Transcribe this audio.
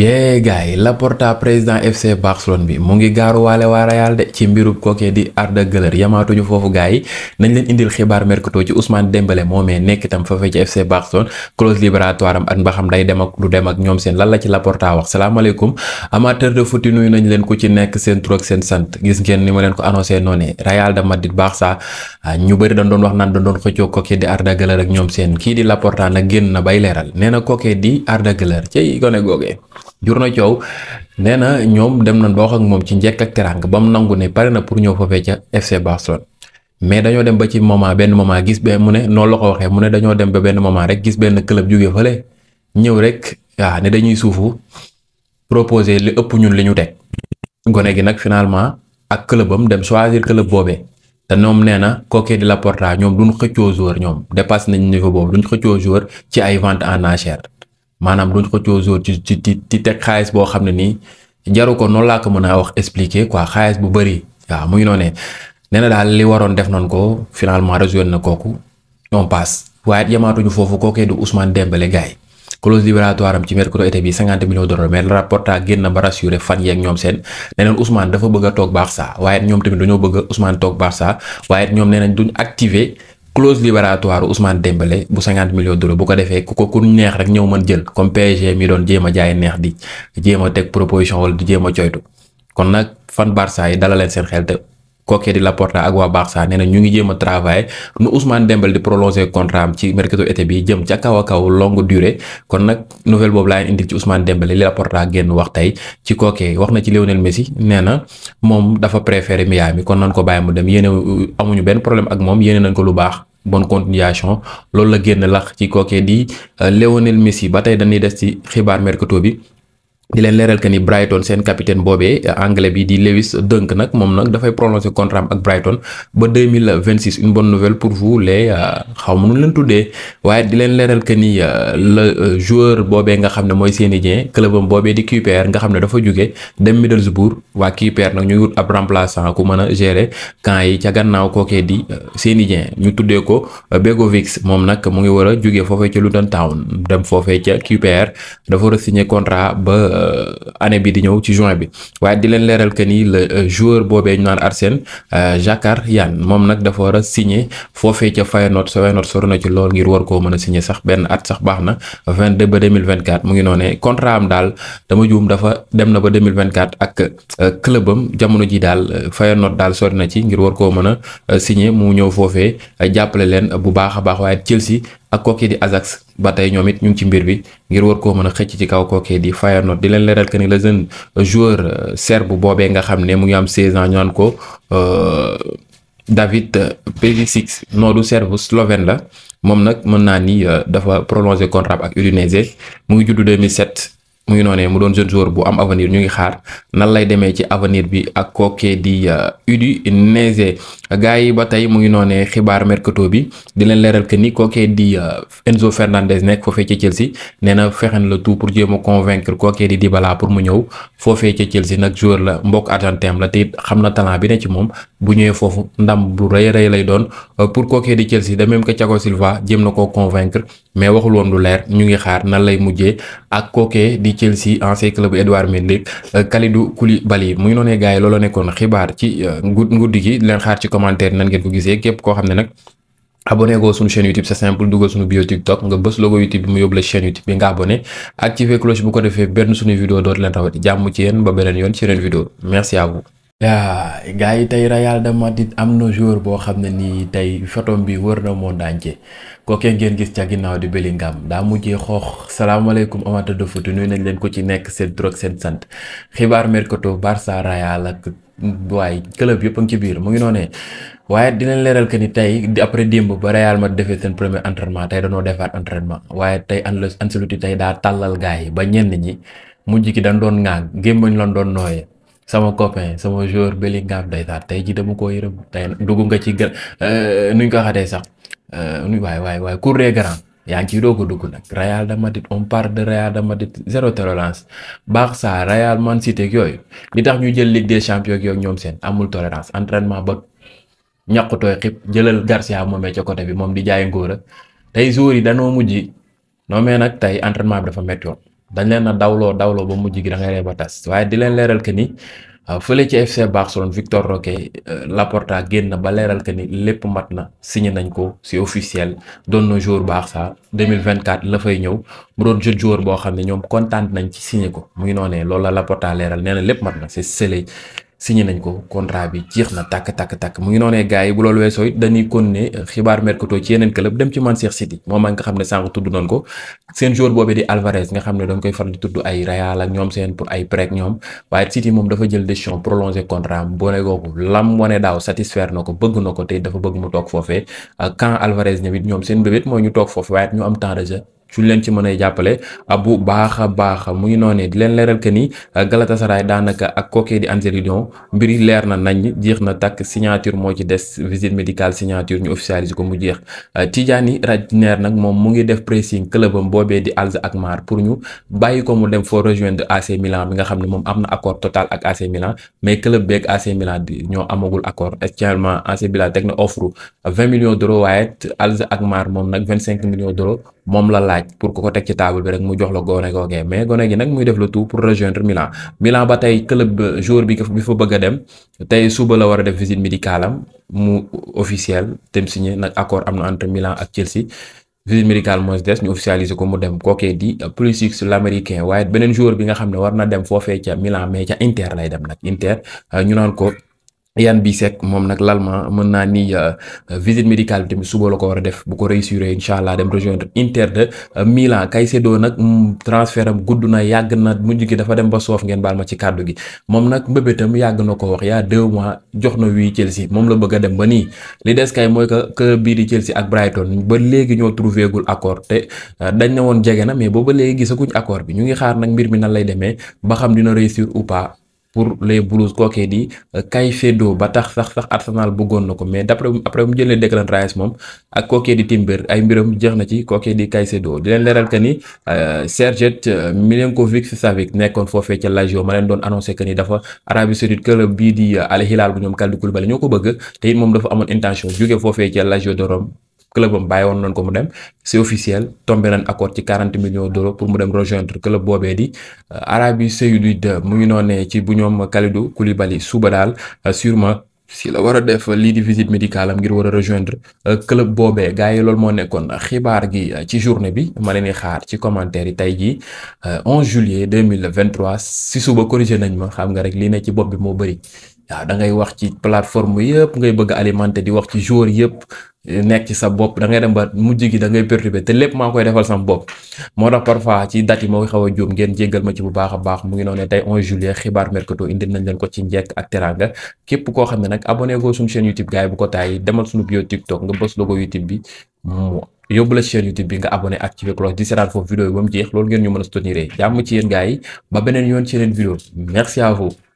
yee gars yi Laporta président FC Barcelone bi mu ngi gaaruwaale waa Real de ci mbirub kookee di Arda Güler yamaatuñu foofu gars yi nañ leen indil xibaar mercato ci Ousmane Dembélé moomee nekk itam foofee ci FC Barcelone clause libératoire am ak mba day dem ak du dem ak ñoom seen lan la ci Laporta wax salaamaaleykum amateur de foot nuyu nañ leen ku ci nekk seen tur ak seen sant gis ngeen ni ma leen ko annoncé noonu Real de Madrid Barça ah, ñu bëri dañ doon wax naan dañ doon xëccoo kookee di Arda Güler ak ñoom seen kii di Laporta génn na bay leeral nee na kookee di Arda Güler cay gone googee jur na coow nee na ñoom dem na ba ak moom ci njekk ak teraanga ba mu nangu ne pare na pour ñëw foofee ca FC Barcelone mais dañoo dem ba ci moment benn moment gis be mu ne noonu la ko waxee mu ne dañoo dem ba benn moment rek gis benn club jógee fële ñëw rek waaw ah, ne dañuy suufu proposer li ëpp ñun li ñu teg gone gi nag finalement ak clubam dem choisir club boobee te ñoom nee na kookee la Laporta ñoom duñ xëccoo joueur ñoom dépasse nañ niveau boobu duñ xëccoo joueur ci ay vente en enchère maanaam duñ ko jour ci ci ci teg xaalis boo xam ne ni jaru ko noonu laa ko mën a wax expliquer quoi xaalis bu bëri waaw mu ngi noonee nee na daal li waroon def noonu ko finalement rejoindre na kooku on passe waaye it yamaatuñu foofu kookee du Ousmane Dembélé gaay clause libératoire am ci mercato été bi 50 millions de dollars mais le Laporta génn ba rassuré fan yeeg ñoom seen nee nañ Ousmane dafa bëgg a toog Barça waaye it ñoom tamit dañoo bëgg a Ousmane toog Barça waaye ñoom nee nañ duñ activer. clause libératoire Ousmane Dembélé bu 50 millions d'euros bu ko defee ku ko ku neex rek ñëw mën jël comme PSG mi doon jéem a jaay neex di jéem a teg proposition wala di jéem a coytu kon nag fan Barça seen xel te kookee di Laporta ak waa Barça nee na ñu ngi jéem a travailler nu Ousmane Dembélé di prolonger contrat am ci mercato été bi jëm ca kaw a kaw longue durée kon nag nouvelle boobu laa indi ci Ousmane Dembélé li Laporta génn wax tey ci kookee wax na ci Lionel Messi nee na moom dafa préféré Miami kon nañ ko bàyyi mu dem yéene amuñu benn problème ak moom yéene nañ ko lu baax bon continuation loolu la génn lax ci kookee di euh, Lionel Messi ba tey dañuy des ci xibaar mercato bi di leen leeral que ni Brighton seen capitaine boobee euh, anglais bi di Lewis Dunk nag moom nag dafay prolonger contrat am ak Brighton ba 2026 une bonne nouvelle pour vous les euh, xaw ma nu leen tuddee waaye di leen leeral que ni euh, le joueur boobee nga xam ne mooy seeni jeen clubam boobee di QPR nga xam ne dafa jóge dem Middlesbrough waa QPR nag ñu wut ab remplaçant ku mën a gérer camp yi ca gannaaw kookee di seeni jeen ñu tuddee ko Begovic moom nag mu ngi war a jóge foofee ca Luton Town dem foofee ca QPR Euh, année bi di ñëw ci juin bi waaye di leen leeral que ni le euh, joueur boobee ñu naan Arsène euh, Jacquard Yann moom nag dafa war a signer foofee ca Feyenoord sa Feyenoord sori na ci lool ngir war koo mën a signer sax benn at sax baax na 22 ba 2024 mu ngi noone contrat daal dama juum dafa dem na ba 2024 ak clubam jamono ji daal Feyenoord daal sori na ci ngir war koo mën a signer mu ñëw foofee jàppale leen bu baax a baax waaye Chelsea ak kookee di Ajax ba tey ñoom it ñu ngi ci mbir bi ngir war koo mën a xëcc ci kaw kookee di Feyenoord di leen leeral que ni le jeune joueur euh, serbe boobee nga xam ne mu ngi am saison ans ñu naan ko euh, David euh, Perisic non du serbe slovène la moom nag mën naa ni dafa prolongé contrat ak Udinese mu ngi judd 2007. mu ngi noonee mu doon jeune joueur bu am avenir ñu ngi xaar nan lay demee ci avenir bi ak kookee di euh, Udinese gars yi ba tey mu ngi noone xibaar mercato bi di leen leeral que ni kookee di euh, Enzo Fernandez nekk foofee ca Chelsea nee na fexen la tout pour jéem a convaincre kookee di Dybala pour mu ñëw foofee ca Chelsea nag joueur la mbokk argentin la te xam na talent bi ne ci moom bu ñëwee foofu ndam bu rëy rëy lay doon euh, pour kookee di Chelsea de même que Thiago Silva jéem na ko convaincre mais waxul woon lu leer ñu ngi xaar nan lay mujjee ak kookee di Chelsea ancien club Edouard Mendy euh, Kalidou Koulibaly muy noonee gars yi loola nekkoon xibaar ci euh, nguddi gi leen xaar ci commentaire nan ngeen ko gisee képp koo xam ne nag abonné goo suñu chaîne YouTube c'est simple dugal suñu bio TikTok nga bës logo YouTube bi mu yóbbu la chaîne YouTube ko defee benn suñu vidéo dootu leen rawati jàmm ci ba beneen yoon ci yeneen vidéo merci à yaa gars yi tey Real de Madrid am na joueur boo xam ne nii tey photo bi wër na monde entier kookee ngeen gis ca ginnaaw di Bellingham daa mujjee xoox salaamaaleykum amateur de foot nuyu nañ leen ko ci nekk seen tur ak seen sant xibaar mercato Barça Real ak waaye club yëpp a ci biir mu ngi noone waaye dinañ leeral que ni tey après démb ba Real ma defee seen premier entraînement tey danoo defaat entraînement waaye tey Ancelotti tey daa tàllal gars yi ba ñenn ñi mujj ki dañ doon ŋaag gémmañ lañ doon nooyee. sama copain sama joueur Bellingham ndeysaan tey ji dama ko yërëm tey dugg nga ci gën euh, nuñ ko xatee sax euh, nu waay waaye waaye cour des grands yaa ngi ciy doog a dugg nag Real de Madrid on parle de Real de Madrid zéro tolérance Barça Real Man City ak yooyu li tax ñu jël Ligue des champions ak yooyu ñoom seen amul tolérance entraînement ba ñàkk tooy xib jëlal Garcia moomee ca côté bi moom di jaay ngóora tey jours yi danoo mujj noo mee nag tey entraînement bi dafa métti dañ leen a dawloo dawloo ba mujj gi da ngay ree ba tas waaye di leen leeral que ni ah, fële ci FC Barcelone Victor Roque eh, Laporta génn ba leeral que ni lépp mat na signé nañ ko si officiel doon na mille Barça 2024 la fay ñëw mu doon jot joueur boo xam ne ñoom kontaan nañ ci signé ko mu ngi noonee loolu la Laporta leeral nee na lépp mat na c'est scellé signé nañ ko contrat bi jeex na takk tàkk tàkk mu ngi noonee gars yi bu loolu weesoo it dañuy continuer euh, xibaar mercato ci yeneen club dem ci Manchester City moom ak nga xam ne sànq tudd noonu ko seen joueur boobee di Alvarez nga xam ne dañ koy faral di tudd ay Real ak ñoom seen moom dafa jël décision prolonger contrat am boole googu lam daaw satisfaire na ko bëgg na ko tey dafa bëgg mu toog foofee euh, quand Alvarez ñëw ñoom seen bébét mooy ñu toog foofee waaye ñu am temps de suñ leen ci mënee jàppale bu baax a baax mu ngi noonee leen leeral que ni euh, Galatasaray daanaka ak kookee di Angers Lyon leer na nañ jeex na takk signature moo ci des visite médicale signature ñu officialise ko mu jeex euh, Tidjani Rajner nag moom mu ngi def pressing clubam boobee di Al Alkmaar pour ñu bàyyi ko mu dem foo rejoindre AC Milan bi nga xam ne moom am na accord total ak AC Milan mais club beeg AC ñoo amagul accord actuellement AC Milan teg na offre vingt millions d'euros waaye Al Alkmaar moom nag vingt cinq millions d'euros moom la laaj pour ku ko teg ci table bi rek mu jox la gone googee mais gone gi nag muy def le tout pour rejoindre Milan Milan ba tey club joueur bi bi fa bëgg a dem tey suba la war a def visite médicale am mu officiel tem signé nag accord am na entre Milan ak Chelsea visite médicale mooy des ñu officialiser ko mu dem kookee di Pulisic l'américain waaye beneen joueur bi nga xam ne war na dem foofee ca Milan mais ca Inter lay dem nag Inter euh, ñu naan ko. Yann Bisek moom nag l'allemand mën naa ni euh, visite médicale bi tamit suba la ko war a def bu ko réussir incha allah dem rejoindre Inter de euh, Milan kay Caicedo nag mm, transfert am gudd na yàgg na mujj ki dafa dem ba soof ngeen baal ma ci kàddu gi moom nag mbébétam yàgg na ko wax yaa deux mois jox na wii Chelsea moom la bëgg a dem ba nii li des kay mooy que que bii di Chelsea ak Brighton ba léegi ñoo trouvé gul accord te euh, dañ na woon jege na mais booba léegi gisaguñ accord bi ñu ngi xaar nag mbir mi nan lay demee ba xam dina réussir ou pas. pour les Blues kookee di euh, Caicedo ba tax sax sax Arsenal bëggoon na ko mais d'après après mu jëlee Declan Rice moom ak kookee di Timber ay mbiram jeex na ci kookee di Caicedo di leen leeral que ni euh, Sergej Milinkovic-Savic nekkoon foofee ca Lazio ma leen doon annoncé que ni dafa Arabie Saoudite club bii di euh, Al Hilal bu ñoom Kalidou Koulibaly ñoo ko bëgg te moom dafa amoon intention jóge foofee ca Lazio de Rome club am bàyyi woon nañ ko mu dem c'est officiel tombé nañ accord ci 40 millions d'euros pour mu dem rejoindre boobee di euh, mu ngi noonee ci bu ñoom Kalidou Koulibaly suba daal euh, sûrement si war a def lii di visite ngir war a rejoindre euh, club boobee gars yi loolu moo nekkoon xibaar gi ci journée bi ma leen di xaar ci commentaire yi tey jii 11 juillet 2023 si suba corrigé nañ ma xam nga rek lii ne ci bopp bi moo bëri. waaw da ngay wax ci plateforme yëpp ngay bëgg alimenter di wax ci jour yëpp eh, nekk ci sa bopp da ngay dem ba mujj gi da ngay perturber te lépp maa koy defal sama bopp moo tax parfois ci date moo xaw a juum ngeen ma ci bu baax a baax mu ngi noonu ne tey 11 xibaar mercato indi nañ leen ko ci njekk ak teranga képp koo xam ne nag abonné goo suñu chaîne YouTube gars yi bu ko taay demal suñu bio TikTok nga bës logo YouTube bi mu yóbbu la chaîne YouTube bi nga abonné activé cloche di seetaan foofu vidéo yi ba mu jeex loolu ngeen ñu mën a soutenir jàmm ci yéen gars yi ba beneen yoon ci yeneen vidéo merci à vous